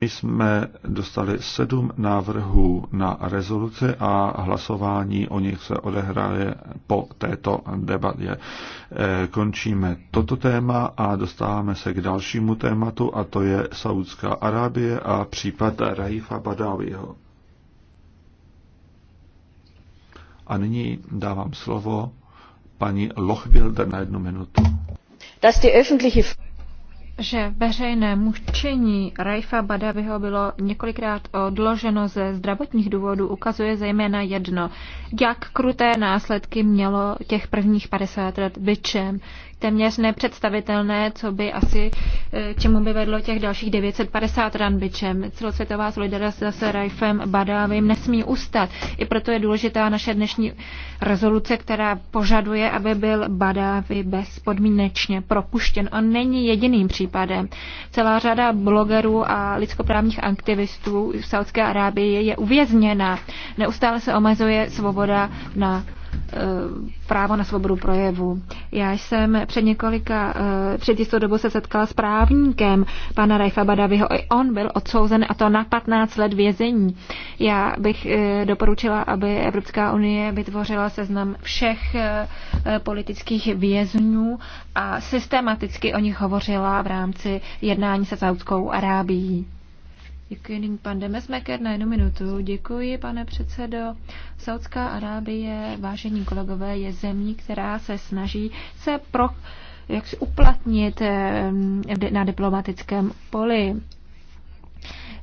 My jsme dostali sedm návrhů na rezoluce a hlasování o nich se odehraje po této debatě. Eh, končíme toto téma a dostáváme se k dalšímu tématu a to je Saudská Arábie a případ Raifa Badawiho. A nyní dávám slovo paní Lochbilder na jednu minutu. Dass die öffentliche že veřejné mučení Raifa Badaviho bylo několikrát odloženo ze zdravotních důvodů, ukazuje zejména jedno, jak kruté následky mělo těch prvních 50 let byčem téměř nepředstavitelné, co by asi, eh, čemu by vedlo těch dalších 950 ran byčem. Celosvětová solidarita se Rajfem Badávým nesmí ustat. I proto je důležitá naše dnešní rezoluce, která požaduje, aby byl Badávy bezpodmínečně propuštěn. On není jediným případem. Celá řada blogerů a lidskoprávních aktivistů v Saudské Arábii je uvězněna. Neustále se omezuje svoboda na Eh, právo na svobodu projevu. Já jsem před několika, eh, před jistou dobu se setkala s právníkem pana Rajfa Badaviho. I on byl odsouzen a to na 15 let vězení. Já bych eh, doporučila, aby Evropská unie vytvořila seznam všech politických vězňů a systematicky o nich hovořila v rámci jednání se Saudskou Arábií. Děkuji, nyní pan Demesmeker na jednu minutu. Děkuji, pane předsedo. Saudská Arábie, vážení kolegové, je zemí, která se snaží se pro, jak si uplatnit eh, na diplomatickém poli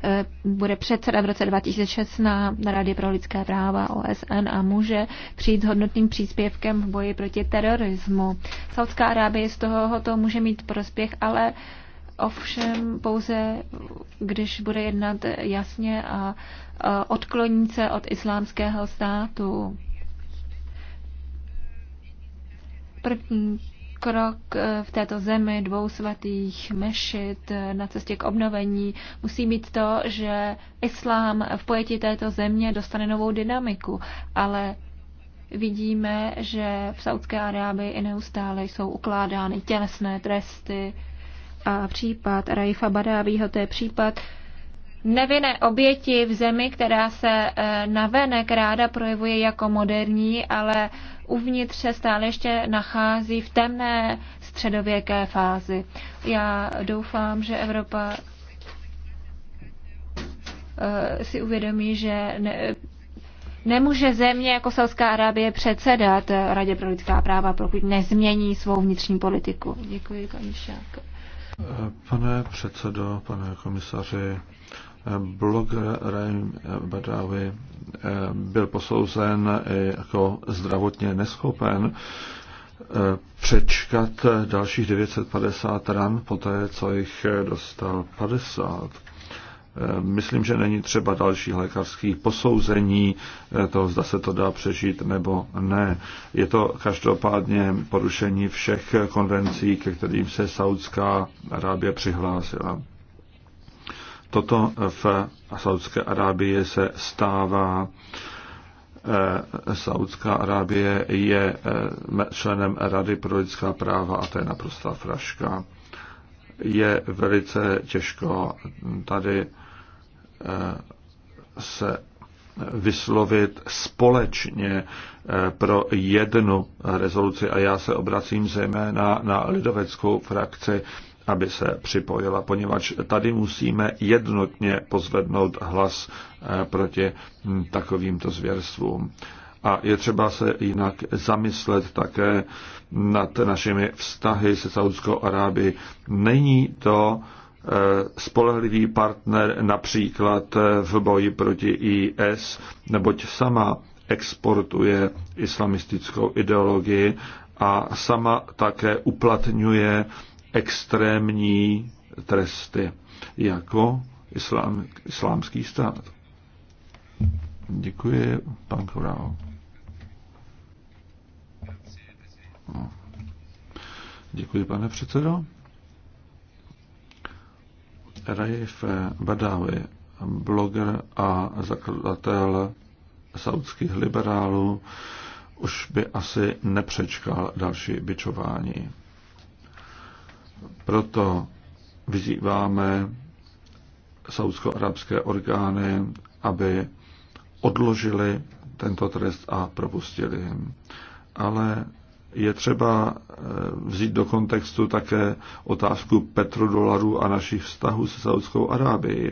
eh, bude předseda v roce 2016 na, na Radě pro lidské práva OSN a může přijít s hodnotným příspěvkem v boji proti terorismu. Saudská Arábie z tohoto může mít prospěch, ale ovšem pouze když bude jednat jasně a odkloní se od islámského státu. První krok e, v této zemi dvou svatých mešit na cestě k obnovení musí být to, že islám v pojetí této země dostane novou dynamiku, ale vidíme, že v Saudské Arábii i neustále jsou ukládány tělesné tresty, a případ Raifa Badavího, to je případ nevinné oběti v zemi, která se eh, navenek ráda projevuje jako moderní, ale uvnitř se stále ještě nachází v temné středověké fázi. Já doufám, že Evropa eh, si uvědomí, že ne, nemůže země jako Saudská Arábie předsedat Radě pro lidská práva, pokud nezmění svou vnitřní politiku. Děkuji, paní Šák. Pane předsedo, pane komisaři, bloger Raim Badawi eh, byl posouzen jako zdravotně neschopen eh, přečkat dalších 950 ran po té, co jich dostal 50. Eh, myslím, že není třeba dalších lékařských posouzení eh, to zda se to dá přežít nebo ne. Je to každopádně porušení všech konvencí, ke kterým se Saudská Arábie přihlásila. Toto v Saudské Arábii se stává eh, Saudská Arábie je členem Rady pro lidská práva a to je naprostá fraška je velice těžko tady eh, se vyslovit společně eh, pro jednu rezoluci a já se obracím zejména na lidoveckou frakci, aby se připojila, poněvadž tady musíme jednotně pozvednout hlas eh, proti hm, takovýmto zvěrstvům a je třeba se jinak zamyslet také nad našimi vztahy se Saudskou Arábií. Není to eh, spolehlivý partner například eh, v boji proti IS, neboť sama exportuje islamistickou ideologii a sama také uplatňuje extrémní tresty jako islám, islámský stát. Děkuji, pan Korál. Děkuji, pane předsedo. Raif Badawi, bloger a zakladatel saudských liberálů, už by asi nepřečkal další byčování. Proto vyzýváme saudsko-arabské orgány, aby odložili tento trest a propustili jim. Ale je třeba eh, vzít do kontextu také otázku petrodolaru a našich vztahů se Saudskou Arábií.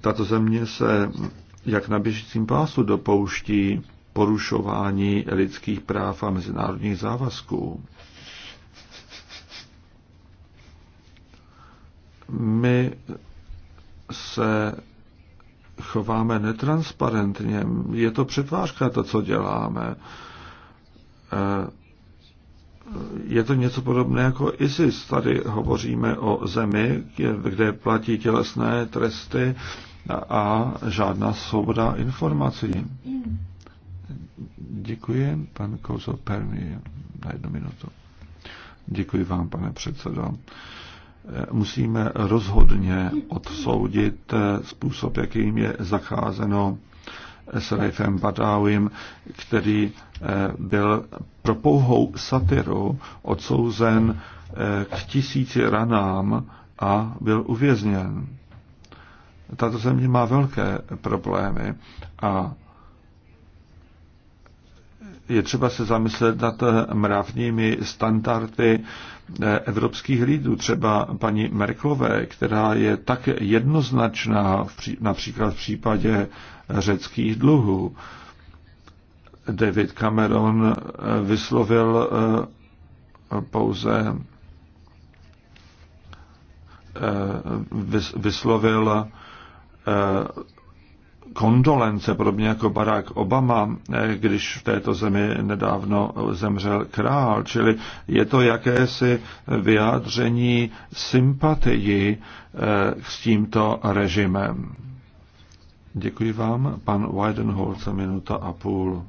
Tato země se jak na běžícím pásu dopouští porušování lidských práv a mezinárodních závazků. My se chováme netransparentně. Je to přetvářka to, co děláme eh, je to něco podobné jako ISIS. Tady hovoříme o zemi, kde platí tělesné tresty a žádná svoboda informací. Děkuji, pan Kouzo Permi, na jednu minutu. Děkuji vám, pane předsedo. Musíme rozhodně odsoudit způsob, jakým je zacházeno s Raifem Badawim, který eh, byl pro pouhou satiru odsouzen eh, k tisíci ranám a byl uvězněn. Tato země má velké problémy a je třeba se zamyslet nad mravními standardy eh, evropských lídů, třeba paní Merklové, která je tak jednoznačná například v případě řeckých dluhů. David Cameron eh, vyslovil eh, pouze vyslovil kondolence, podobně jako Barack Obama, eh, když v této zemi nedávno zemřel král. Čili je to jakési vyjádření sympatii eh, s tímto režimem. Děkuji vám. Pan Weidenholz, minuta a půl.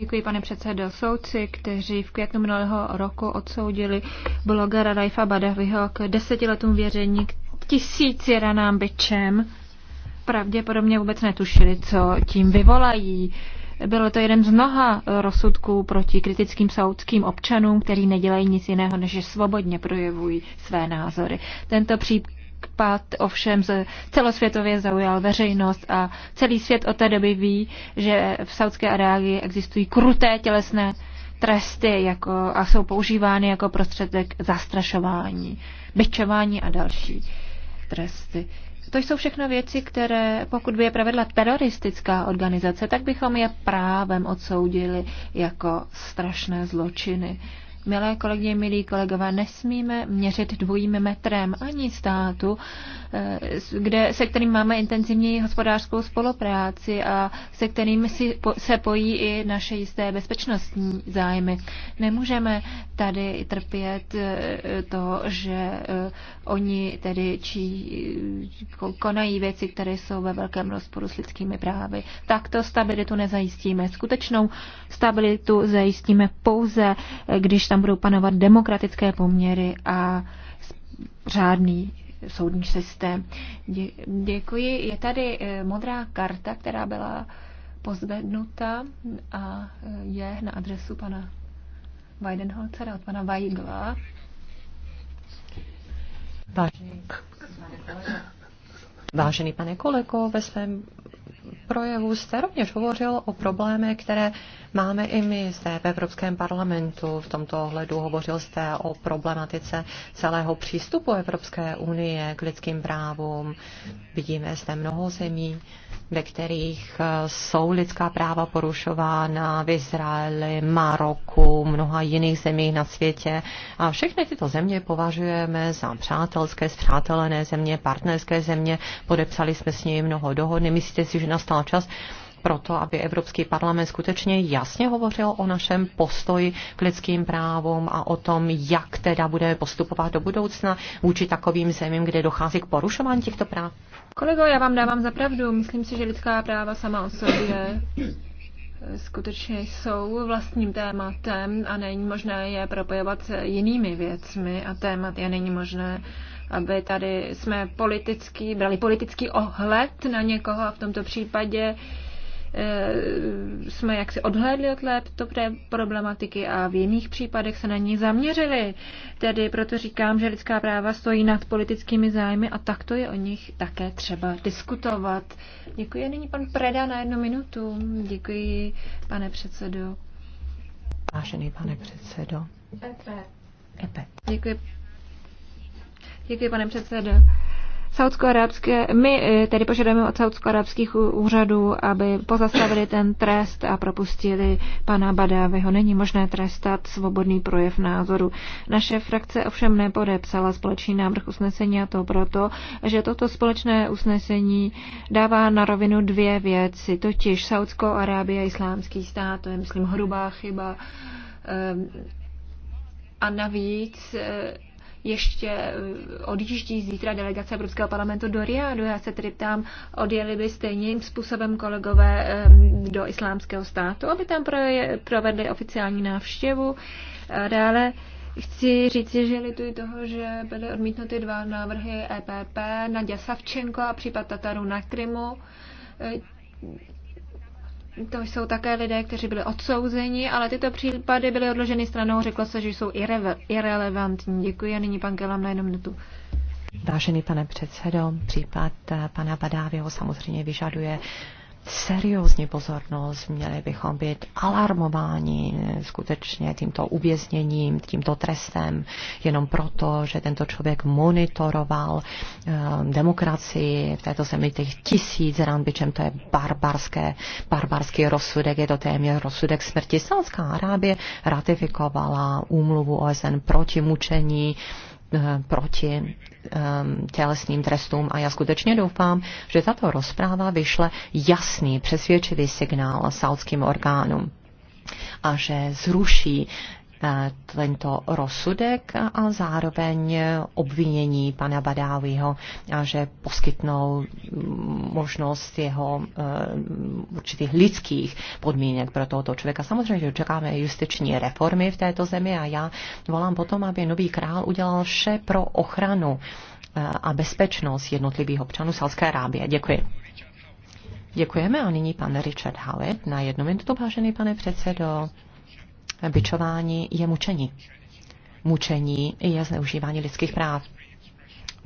Děkuji, pane předsedo. Soudci, kteří v květnu minulého roku odsoudili blogera Raifa Badaviho k deseti letům věření, k tisíci ranám byčem, pravděpodobně vůbec netušili, co tím vyvolají. Bylo to jeden z mnoha rozsudků proti kritickým saudským občanům, kteří nedělají nic jiného, než že svobodně projevují své názory. Tento případ ovšem celosvětově zaujal veřejnost a celý svět od té doby ví, že v Saudské Arábii existují kruté tělesné tresty jako, a jsou používány jako prostředek zastrašování, byčování a další tresty. To jsou všechno věci, které pokud by je provedla teroristická organizace, tak bychom je právem odsoudili jako strašné zločiny. Milé kolegyně, milí kolegové, nesmíme měřit dvojím metrem ani státu, eh, kde, se kterým máme intenzivní hospodářskou spolupráci a se kterým si, se pojí i naše jisté bezpečnostní zájmy. Nemůžeme tady trpět eh, to, že eh, oni tedy či, konají věci, které jsou ve velkém rozporu s lidskými právy. Takto stabilitu nezajistíme. Skutečnou stabilitu zajistíme pouze, když tam tam budou panovat demokratické poměry a řádný soudní systém. Dě- děkuji. Je tady eh, modrá karta, která byla pozvednuta a eh, je na adresu pana Weidenholzera od pana Weigla. Vážený, pane kolego, ve svém projevu jste rovněž hovořil o problémech, které máme i my zde v Evropském parlamentu. V tomto ohledu hovořil jste o problematice celého přístupu Evropské unie k lidským právům. Vidíme zde mnoho zemí, ve kterých eh, jsou lidská práva porušována v Izraeli, Maroku, mnoha jiných zemích na světě. A všechny tyto země považujeme za přátelské, zpřátelené země, partnerské země. Podepsali jsme s nimi mnoho dohod. Myslíte si, že nastal čas, proto, aby Evropský parlament skutečně jasně hovořil o našem postoji k lidským právům a o tom, jak teda budeme postupovat do budoucna vůči takovým zemím, kde dochází k porušování těchto práv. Kolego, já vám dávám za pravdu. Myslím si, že lidská práva sama o sobě skutečně jsou vlastním tématem a není možné je propojovat s jinými věcmi a témat je není možné aby tady jsme politický, brali politický ohled na někoho a v tomto případě Eh, jsme jaksi odhlédli od této problematiky a v jiných případech se na ní zaměřili. Tedy proto říkám, že lidská práva stojí nad politickými zájmy a takto je o nich také třeba diskutovat. Děkuji. A nyní pan Preda na jednu minutu. Děkuji, pane předsedo. Vážený pane předsedo. Epe. Epe. Děkuji. Děkuji, pane předsedo. Saudsko-arabské, my eh, tedy požadujeme od saudsko-arabských úřadů, aby pozastavili ten trest a propustili pana Badáveho. Není možné trestat svobodný projev názoru. Naše frakce ovšem nepodepsala společný návrh usnesení a to proto, že toto společné usnesení dává na rovinu dvě věci, totiž Saudsko-Arábie a islámský stát, to je myslím hrubá chyba. Ehm, a navíc eh, ještě eh, odjíždí zítra delegace Evropského parlamentu do Riadu. Já se tedy ptám, odjeli by stejným způsobem kolegové eh, do islámského státu, aby tam provedli oficiální návštěvu. Eh, dále Chci říct, že lituji toho, že byly odmítnuty dva návrhy EPP na Savčenko a případ Tatarů na Krymu. To jsou také lidé, kteří byli odsouzeni, ale tyto případy byly odloženy stranou. Řeklo se, že jsou irre- irrelevantní. Děkuji a nyní pan Kelam na jednom minutu. Vážený pane předsedo, případ pana Badávěho samozřejmě vyžaduje seriózní pozornost, měli bychom být alarmováni skutečně tímto uvězněním, tímto trestem, jenom proto, že tento člověk monitoroval um, demokracii v této zemi těch tisíc ran, bičem to je barbarské, barbarský rozsudek, je to téměř rozsudek smrti. Sánská Arábie ratifikovala úmluvu OSN proti mučení, Eh, proti eh, tělesným trestům a já skutečně doufám, že tato rozpráva vyšle jasný, přesvědčivý signál saudským orgánům a že zruší E, tento rozsudek a zároveň obvinění pana Badáviho, že poskytnou mm, možnost jeho e, určitých lidských podmínek pro tohoto člověka. Samozřejmě, že čekáme justiční reformy v této zemi a já volám potom, aby nový král udělal vše pro ochranu e, a bezpečnost jednotlivých občanů Salské Arábie. Děkuji. Děkujeme a nyní pan Richard Hallett na jednu minutu, vážený pane předsedo byčování je mučení. Mučení je zneužívání lidských práv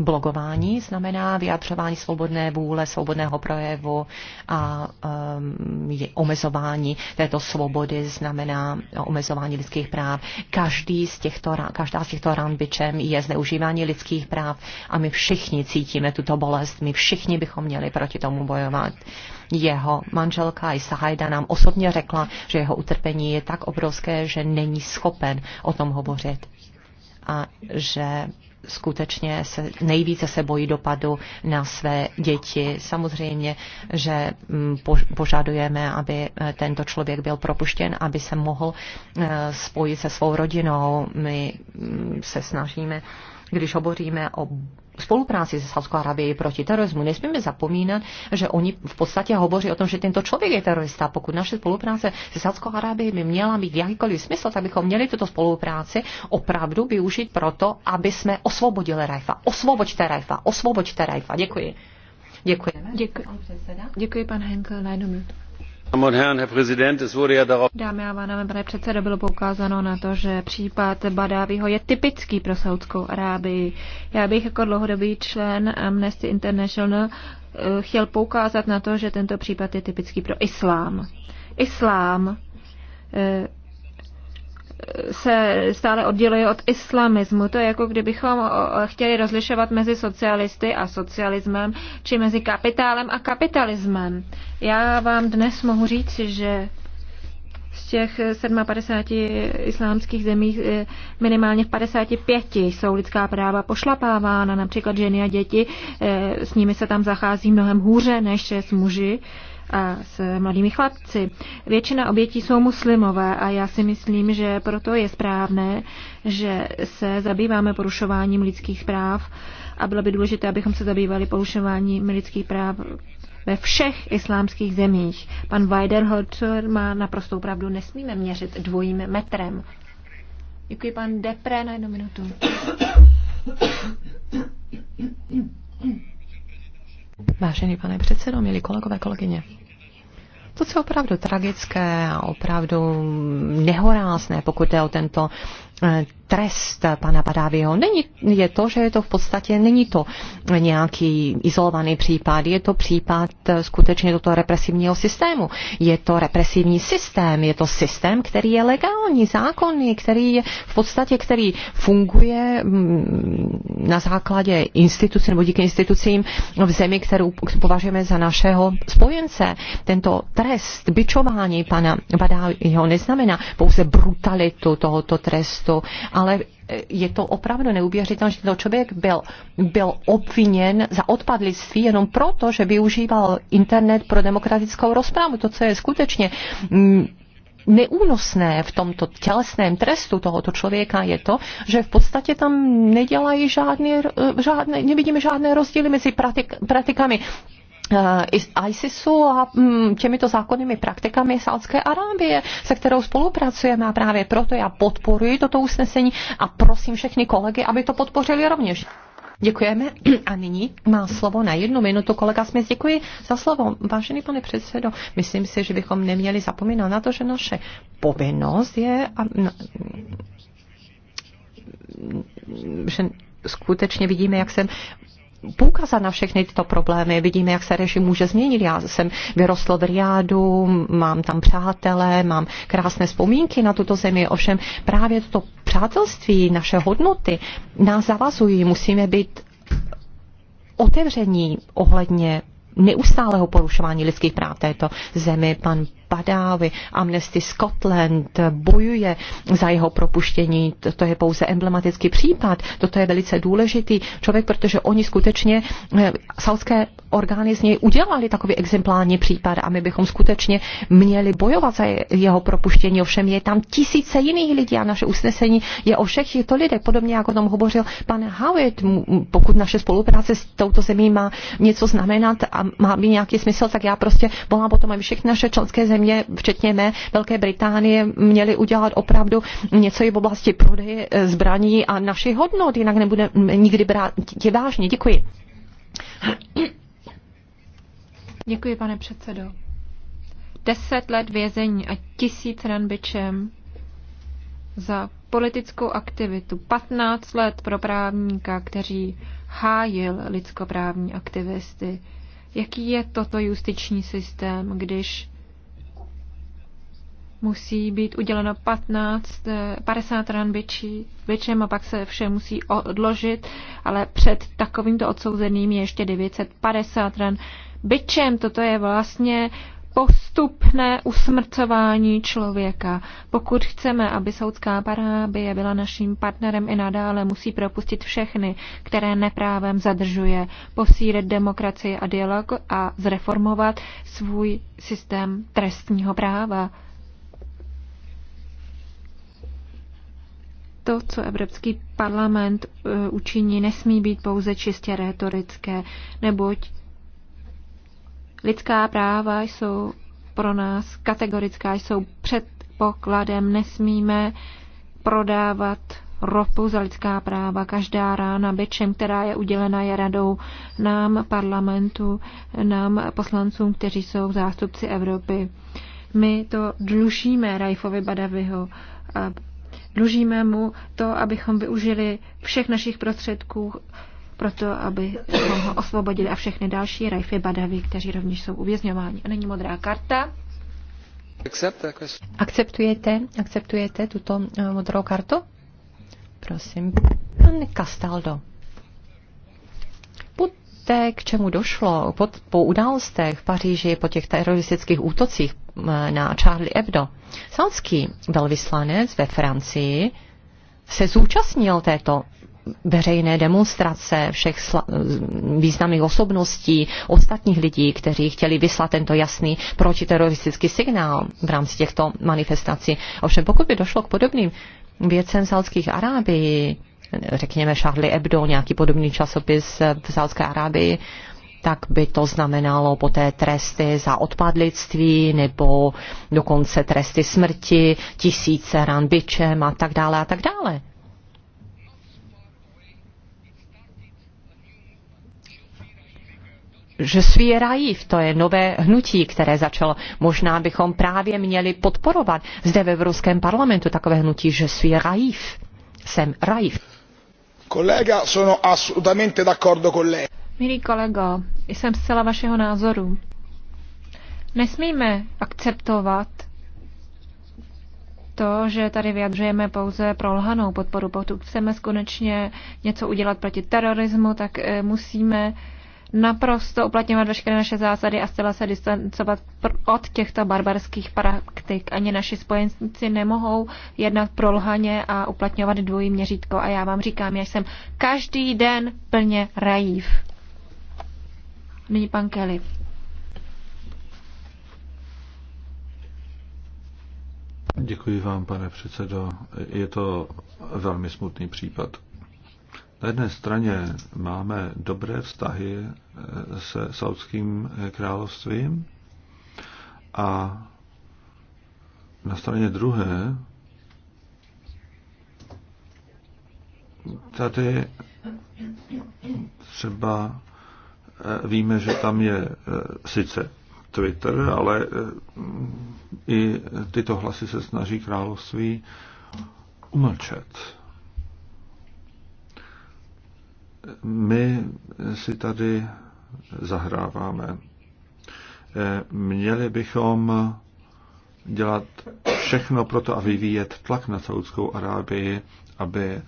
blogování znamená vyjadřování svobodné vůle, svobodného projevu a um, omezování této svobody znamená omezování lidských práv. Každý z těchto, každá z těchto ran je zneužívání lidských práv a my všichni cítíme tuto bolest, my všichni bychom měli proti tomu bojovat jeho manželka Isa Hajda nám osobně řekla, že jeho utrpení je tak obrovské, že není schopen o tom hovořit a že skutečně se, nejvíce se bojí dopadu na své děti. Samozřejmě, že mm, požadujeme, aby eh, tento člověk byl propuštěn, aby se mohl eh, spojit se svou rodinou. My mm, se snažíme když hovoříme o spolupráci se Saudskou Arabií proti terorismu. Nesmíme zapomínat, že oni v podstatě hovoří o tom, že tento člověk je terorista. Pokud naše spolupráce se Saudskou Arabií by měla mít jakýkoliv smysl, tak bychom měli tuto spolupráci opravdu využít proto, aby jsme osvobodili Rajfa. Osvoboďte Rajfa, osvoboďte Rajfa. Děkuji. Děkujeme. Děkuji. Děkuji, pan Henkel, na jednu minutu. Dámy a pánové, pane předsedo, bylo poukázáno na to, že případ Badávího je typický pro Saudskou Arábii. Já bych jako dlouhodobý člen Amnesty International eh, chtěl poukázat na to, že tento případ je typický pro islám. Islám eh, se stále odděluje od islamismu. To je jako kdybychom chtěli rozlišovat mezi socialisty a socialismem, či mezi kapitálem a kapitalismem. Já vám dnes mohu říct, že z těch 57 islámských zemí eh, minimálně v 55 jsou lidská práva pošlapávána, například ženy a děti, eh, s nimi se tam zachází mnohem hůře než s muži a s mladými chlapci. Většina obětí jsou muslimové a já si myslím, že proto je správné, že se zabýváme porušováním lidských práv a bylo by důležité, abychom se zabývali porušováním lidských práv ve všech islámských zemích. Pan Weiderholzer má naprostou pravdu, nesmíme měřit dvojím metrem. Děkuji pan Depre na jednu minutu. Vážený pane předsedo, milí kolegové, kolegyně. To, co je opravdu tragické a opravdu nehorázné, pokud jde o tento eh, trest pana Badaviho není, je to, že je to v podstatě, není to nějaký izolovaný případ, je to případ eh, skutečně toto represivního systému. Je to represivní systém, je to systém, který je legální, zákonný, který je v podstatě, který funguje mm, na základě institucí nebo díky institucím v zemi, kterou považujeme za našeho spojence. Tento trest byčování pana Badáho neznamená pouze brutalitu tohoto trestu, ale e, je to opravdu neuvěřitelné, že ten člověk byl, byl obviněn za odpadlictví jenom proto, že využíval internet pro demokratickou rozprávu. To, co je skutečně mm, neúnosné v tomto tělesném trestu tohoto člověka je to, že v podstatě tam nedělají žádné, e, žádné nevidíme žádné rozdíly mezi pratik, pratikami Eh, ISISu a mm, těmito zákonnými praktikami Sálské Arábie, se kterou spolupracujeme a právě proto já podporuji toto usnesení a prosím všechny kolegy, aby to podpořili rovněž. Děkujeme. A nyní má slovo na jednu minutu kolega Smith. Děkuji za slovo. Vážený pane předsedo, myslím si, že bychom neměli zapomínat na to, že naše povinnost je, a, na, no, že skutečně vidíme, jak se poukázat na všechny tyto problémy. Vidíme, jak se režim může změnit. Já jsem vyrostl v Riádu, mám tam přátelé, mám krásné vzpomínky na tuto zemi, ovšem právě to přátelství, naše hodnoty nás zavazují. Musíme být otevření ohledně neustálého porušování lidských práv této zemi. Pan Badávy, Amnesty Scotland bojuje za jeho propuštění. To je pouze emblematický případ. Toto je velice důležitý člověk, protože oni skutečně, eh, saudské orgány z něj udělali takový exemplární případ a my bychom skutečně měli bojovat za jeho propuštění. Ovšem je tam tisíce jiných lidí a naše usnesení je o všech těchto lidech. Podobně jako o tom hovořil pan Howitt, pokud naše spolupráce s touto zemí má něco znamenat a má být nějaký smysl, tak já prostě volám potom, aby všechny naše členské země země, včetně mé Velké Británie, měly udělat opravdu něco i v oblasti prodeje eh, zbraní a našich hodnot, jinak nebudeme nikdy brát tě vážně. Děkuji. Děkuji, pane předsedo. Deset let vězení a tisíc ran byčem za politickou aktivitu. 15 let pro právníka, kteří hájil lidskoprávní aktivisty. Jaký je toto justiční systém, když musí být uděleno 15, 50 ran byčí, byčem a pak se vše musí odložit, ale před takovýmto odsouzeným je ještě 950 ran byčem. Toto je vlastně postupné usmrcování člověka. Pokud chceme, aby Saudská Arábie byla naším partnerem i nadále, musí propustit všechny, které neprávem zadržuje, posílit demokracii a dialog a zreformovat svůj systém trestního práva. to, co Evropský parlament eh, učiní, nesmí být pouze čistě retorické. neboť lidská práva jsou pro nás kategorická, jsou předpokladem, nesmíme prodávat ropu za lidská práva. Každá rána byčem, která je udělena, je radou nám, parlamentu, nám poslancům, kteří jsou zástupci Evropy. My to dlužíme Rajfovi Badaviho. Dlužíme mu to, abychom využili všech našich prostředků pro to, aby ho osvobodili a všechny další Rajfy Badavy, kteří rovněž jsou uvězňováni. A není modrá karta. Jako akceptujete, akceptujete tuto eh, modrou kartu? Prosím, pane Castaldo víte, k čemu došlo po, po událostech v Paříži, po těch teroristických útocích na Charlie Hebdo, saudský velvyslanec ve Francii se zúčastnil této veřejné demonstrace všech významných osobností, ostatních lidí, kteří chtěli vyslat tento jasný protiteroristický signál v rámci těchto manifestací. Ovšem, pokud by došlo k podobným věcem Saudských Arábií, řekněme Charlie Hebdo, nějaký podobný časopis v Saudské Arábii, tak by to znamenalo poté tresty za odpadlictví nebo dokonce tresty smrti, tisíce ran byčem a tak dále a tak dále. že svý Rajiv, to je nové hnutí, které začalo. Možná bychom právě měli podporovat zde ve Evropském parlamentu takové hnutí, že svý Rajiv. Jsem Rajiv. Kolega, sono assolutamente d'accordo con lei. Milý kolego, jsem zcela vašeho názoru. Nesmíme akceptovat to, že tady vyjadřujeme pouze prolhanou podporu. Pokud chceme konečně něco udělat proti terorismu, tak eh, musíme uh, naprosto uplatňovat veškeré naše zásady a zcela se distancovat od těchto barbarských praktik. Ani naši spojenci nemohou jednat prolhaně a uplatňovat dvojí měřítko. A já vám říkám, já jsem každý den plně rajív. Nyní pan Kelly. Děkuji vám, pane předsedo. Je to velmi smutný případ. Na jedné straně máme dobré vztahy eh, se Saudským královstvím a na straně druhé tady třeba eh, víme, že tam je eh, sice Twitter, ale i tyto hlasy se snaží království umlčet. my si tady zahráváme. Eh, měli bychom dělat všechno pro to a vyvíjet tlak na Saudskou Arábii, aby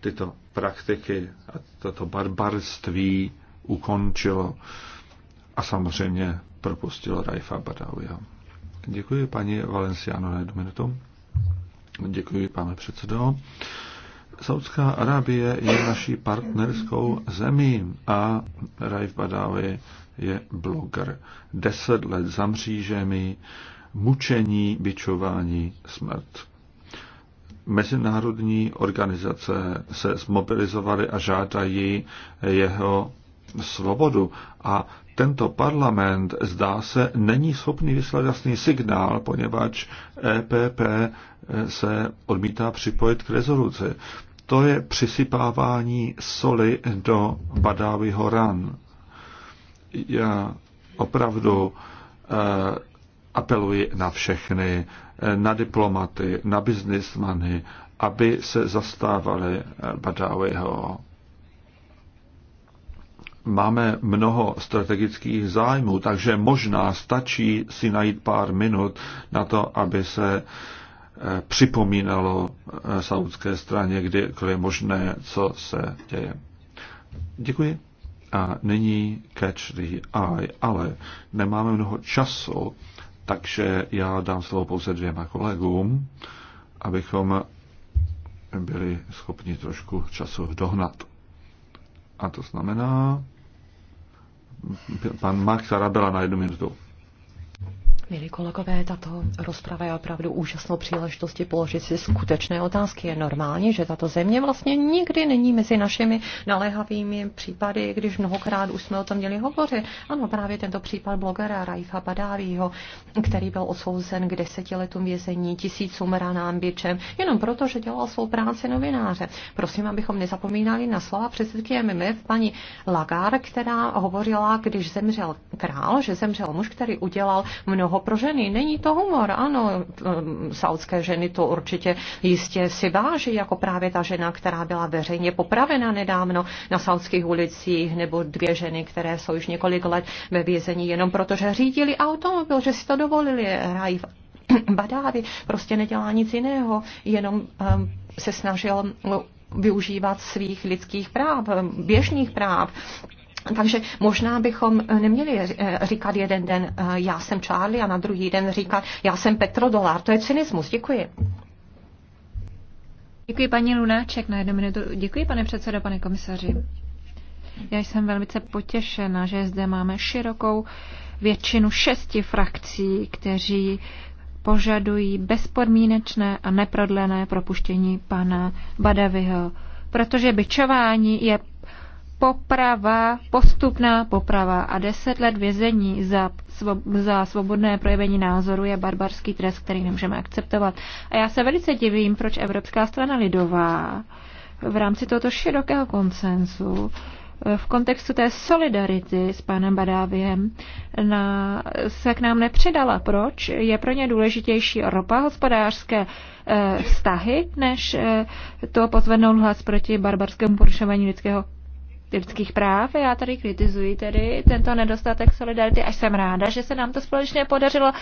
tyto praktiky a toto barbarství ukončilo a samozřejmě propustilo Raifa Badawiho. Děkuji paní Valenciano na jednu minutu. Děkuji, pane předsedo. Saudská Arábie je naší partnerskou zemí a Raif Badawi je bloger. Deset let za mřížemi, mučení, bičování, smrt. Mezinárodní organizace se zmobilizovaly a žádají jeho svobodu a tento parlament, zdá se, není schopný vyslat jasný signál, poněvadž EPP se odmítá připojit k rezoluci. To je přisypávání soli do Badávyho ran. Já opravdu eh, apeluji na všechny, eh, na diplomaty, na biznismany, aby se zastávali eh, Badávyho máme mnoho strategických zájmů, takže možná stačí si najít pár minut na to, aby se eh, připomínalo eh, saudské straně, kdy je možné, co se děje. Děkuji. A nyní catch the eye, ale nemáme mnoho času, takže já dám slovo pouze dvěma kolegům, abychom byli schopni trošku času dohnat. A to znamená, pan Max Arabela na jednu minutu. Milí kolegové, tato rozprava je opravdu úžasnou příležitostí položit si skutečné otázky. Je normální, že tato země vlastně nikdy není mezi našimi naléhavými případy, když mnohokrát už jsme o tom měli hovořit. Ano, právě tento případ blogera Raifa Badávího, který byl odsouzen k letům vězení, tisícům ranám bičem, jenom proto, že dělal svou práci novináře. Prosím, abychom nezapomínali na slova předsedky MMF paní Lagar, která hovořila, když zemřel král, že zemřel muž, který udělal mnoho pro ženy. Není to humor, ano, um, saudské ženy to určitě jistě si váží, jako právě ta žena, která byla veřejně popravena nedávno na saudských ulicích, nebo dvě ženy, které jsou již několik let ve vězení jenom proto, že řídili automobil, že si to dovolili, hrají v Badávy, prostě nedělá nic jiného, jenom um, se snažil využívat svých lidských práv, um, běžných práv, takže možná bychom eh, neměli eh, říkat jeden den eh, já jsem Charlie a na druhý den říkat já jsem Petro Dolar. To je cynismus. Děkuji. Děkuji paní Lunáček na jednu minutu. Děkuji pane předsedo, pane komisaři. Já jsem velmi potěšena, že zde máme širokou většinu šesti frakcí, kteří požadují bezpodmínečné a neprodlené propuštění pana Badaviho, protože byčování je poprava, postupná poprava a deset let vězení za, svob, za svobodné projevení názoru je barbarský trest, který nemůžeme akceptovat. A já se velice divím, proč Evropská strana lidová v rámci tohoto širokého konsenzu eh, v kontextu té solidarity s panem Badáviem na, se k nám nepřidala. Proč? Je pro ně důležitější ropa hospodářské e, vztahy, než e, to pozvednout hlas proti barbarskému porušování lidského lidských práv. Já tady kritizuji tedy tento nedostatek solidarity, až jsem ráda, že se nám to společně podařilo.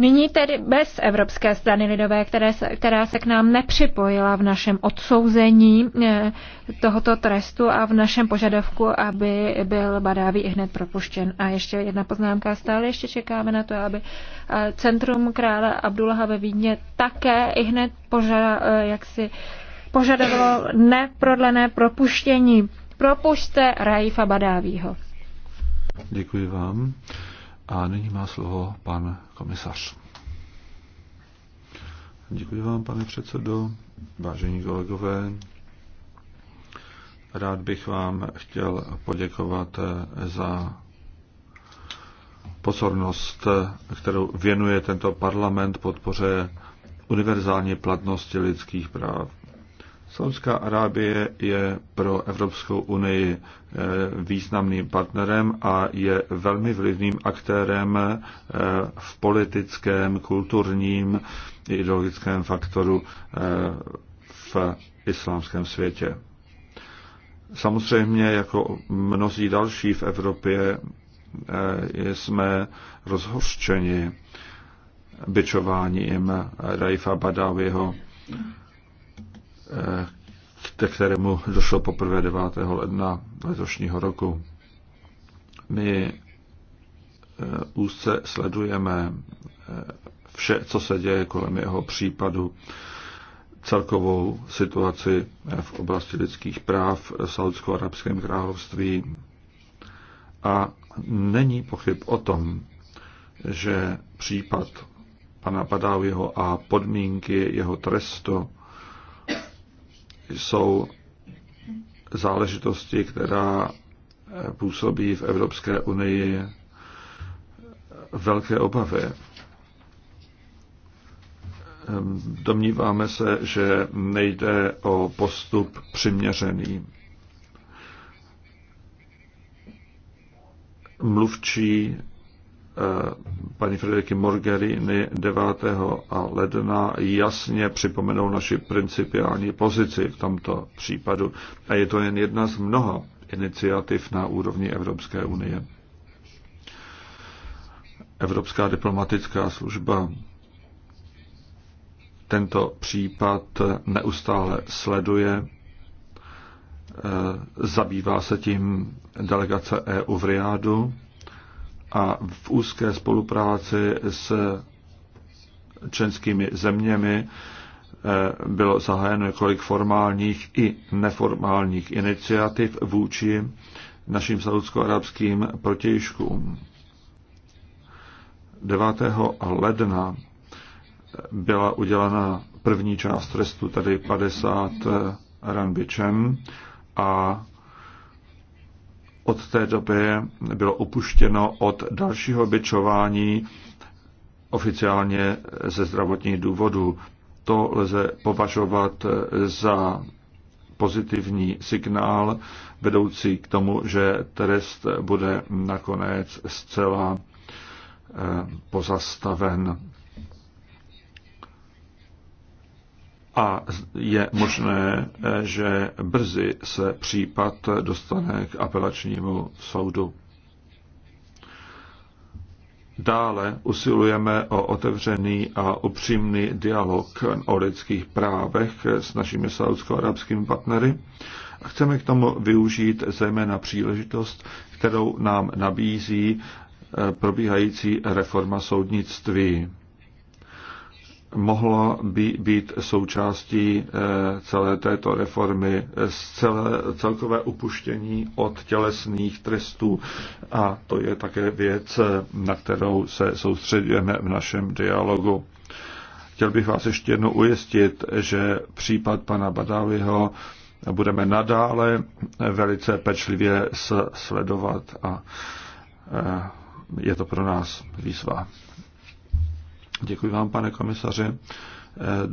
Nyní tedy bez Evropské strany lidové, které se, která se k nám nepřipojila v našem odsouzení eh, tohoto trestu a v našem požadavku, aby byl Badáví i hned propuštěn. A ještě jedna poznámka. Stále ještě čekáme na to, aby eh, Centrum krále Abdullaha ve Vídně také i hned požadal, eh, jak si požadovalo neprodlené propuštění. Propušte Raifa Badávího. Děkuji vám. A nyní má slovo pan komisař. Děkuji vám, pane předsedo, vážení kolegové. Rád bych vám chtěl poděkovat za pozornost, kterou věnuje tento parlament podpoře univerzální platnosti lidských práv. Saudská Arábie je pro Evropskou unii eh, významným partnerem a je velmi vlivným aktérem eh, v politickém, kulturním i ideologickém faktoru eh, v islámském světě. Samozřejmě, jako mnozí další v Evropě, jsme rozhořčeni byčováním Raifa Badawiho Eh, ke kterému došlo poprvé 9. ledna letošního roku. My eh, úzce sledujeme eh, vše, co se děje kolem jeho případu, celkovou situaci v oblasti lidských práv v Saudsko-Arabském království. A není pochyb o tom, že případ pana Badawiho a podmínky jeho trestu jsou záležitosti, která eh, působí v Evropské unii velké obavy. Ehm, domníváme se, že nejde o postup přiměřený. Mluvčí Eh, paní Frederiky Morgerini 9. ledna jasně připomenou naši principiální pozici v tomto případu. A je to jen jedna z mnoha iniciativ na úrovni Evropské unie. Evropská diplomatická služba tento případ neustále sleduje. Eh, zabývá se tím delegace EU v Riádu a v úzké spolupráci s členskými zeměmi eh, bylo zahájeno několik formálních i neformálních iniciativ vůči našim saudsko-arabským protějškům. 9. ledna byla udělena první část trestu, tedy 50 ran a od té doby bylo upuštěno od dalšího byčování oficiálně ze zdravotních důvodů. To lze považovat za pozitivní signál vedoucí k tomu, že trest bude nakonec zcela eh, pozastaven. a je možné, že brzy se případ dostane k apelačnímu soudu. Dále usilujeme o otevřený a upřímný dialog o lidských právech s našimi saudsko-arabskými partnery a chceme k tomu využít zejména příležitost, kterou nám nabízí eh, probíhající reforma soudnictví mohlo by být součástí eh, celé této reformy eh, celé, celkové upuštění od tělesných trestů. A to je také věc, eh, na kterou se soustředujeme v našem dialogu. Chtěl bych vás ještě jednou ujistit, že případ pana Badaviho budeme nadále velice pečlivě sledovat a je to pro nás výzva. Děkuji vám, pane komisaři. Eh,